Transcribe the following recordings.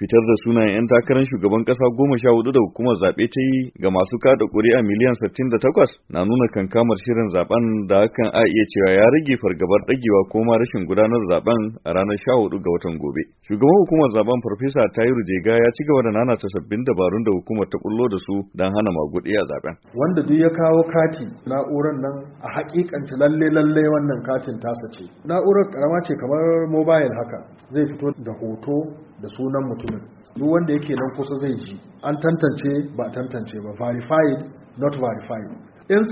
fitar da sunayen 'yan takarar shugaban kasa goma sha hudu da hukumar zaɓe ta yi ga masu kada ƙuri'a miliyan sittin da takwas na nuna kankamar shirin zaɓen da hakan a iya cewa ya rage fargabar ɗagewa ko ma rashin gudanar zaɓen a ranar sha hudu ga watan gobe. Shugaban hukumar zaɓen Farfesa Tayiru Jega ya ci gaba da nanata sabbin dabarun da hukumar ta bullo da su don hana maguɗi a zaɓen. Wanda duk ya kawo kati na'urar nan a hakikanci lalle lalle wannan katin tasa ce. Na'urar karama ce kamar mobile haka zai fito da hoto da sunan mutumin duk wanda yake nan kusa zai ji an tantance ba tantance ba verified not verified 'yan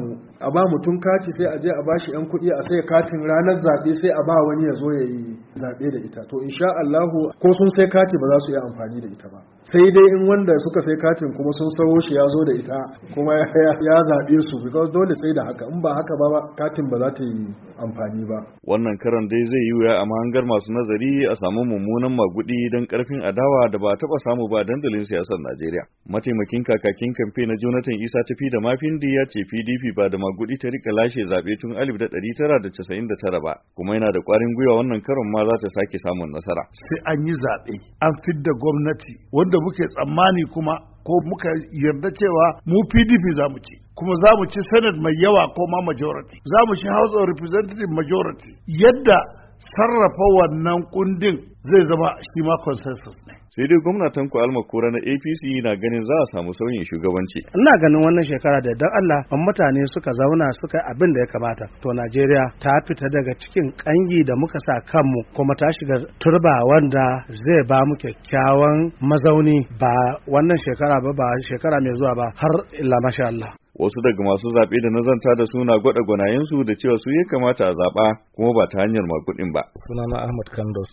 mu. a ba mutum kati sai a je a bashi yan kuɗi a sai katin ranar zaɓe sai a ba wani ya zo ya yi zaɓe da ita to insha Allah ko sun sai kati ba za su yi amfani da ita ba sai dai in wanda suka sai katin kuma sun sawo shi ya zo da ita kuma ya zaɓe su because dole sai da haka in ba haka ba katin ba za ta yi amfani ba wannan karan dai zai yi wuya a mahangar masu nazari a samu mummunan magudi don karfin adawa da ba taɓa samu ba dandalin siyasar Najeriya mataimakin kakakin kamfe na Jonathan Isa tafi da mafindi ya ce PDP ba da magudi ta rika lashe zaɓe tun 1999 ba kuma yana da ƙwarin gwiwa wannan karon ma za ta sake samun nasara. Sai an yi zaɓe an fidda gwamnati wanda muke tsammani kuma ko muka yarda cewa mu PDP za mu ci. kuma za mu ci senate mai yawa ko ma majority za mu ci house of representatives majority yadda sarrafa wannan kundin zai zama shi ma consensus ne sai dai gwamnatin ku alma kura na APC na ganin za a samu sauyin shugabanci ina ganin wannan shekara da dan Allah an mutane suka zauna suka abin da ya kamata to Najeriya ta fita daga cikin kangi da muka sa kanmu kuma ta shiga turba wanda zai ba mu kyakkyawan mazauni ba wannan shekara ba ba shekara mai zuwa ba har illa masha Allah wasu daga masu zaɓe da nazanta da suna gwada gwanayensu da cewa su ya kamata a zaɓa kuma ba ta hanyar kuɗin ba. Sunana Ahmad Kandos,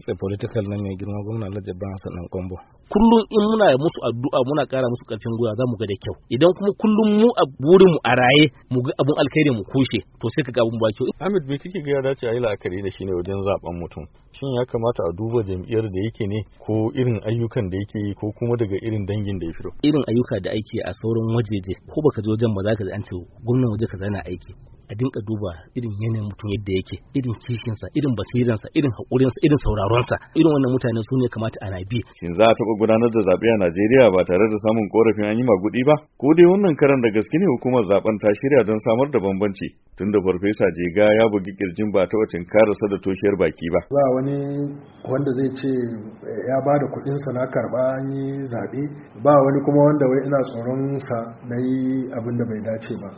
SA Political na mai girma gwamna Alhaji Hassan Kwambo. kullum in muna musu addu'a muna ƙara musu ƙarfin gwiwa za mu ga da kyau idan kuma kullum mu a burin mu a raye mu ga abun alkhairi mu kushe to sai ka ga abun ba kyau Ahmed bai kike ga ya dace a yi la'akari da shi ne wajen zaben mutum shin ya kamata a duba jam'iyyar da yake ne ko irin ayyukan da yake yi ko kuma daga irin dangin da ya fito irin ayyuka da aiki a sauran wajeje ko baka je wajen ba za ka ji an ce gwamnan waje ka na aiki a dinka duba irin yanayin mutum yadda yake irin kishinsa irin basiransa irin haƙurinsa irin sauraronsa irin wannan mutane su ne kamata ana bi shin za a taɓa gudanar da zaɓe a Najeriya ba tare da samun korafin an yi magudi ba ko dai wannan karan da gaske ne hukumar zaben ta shirya don samar da bambanci tunda farfesa jega ya bugi kirjin ba taɓa karasa da toshiyar baki ba ba wani wanda zai ce eh, ya ba da kuɗinsa na karɓa an yi zaɓe ba wani kuma wanda wai ina tsoron sa na yi abin da bai dace ba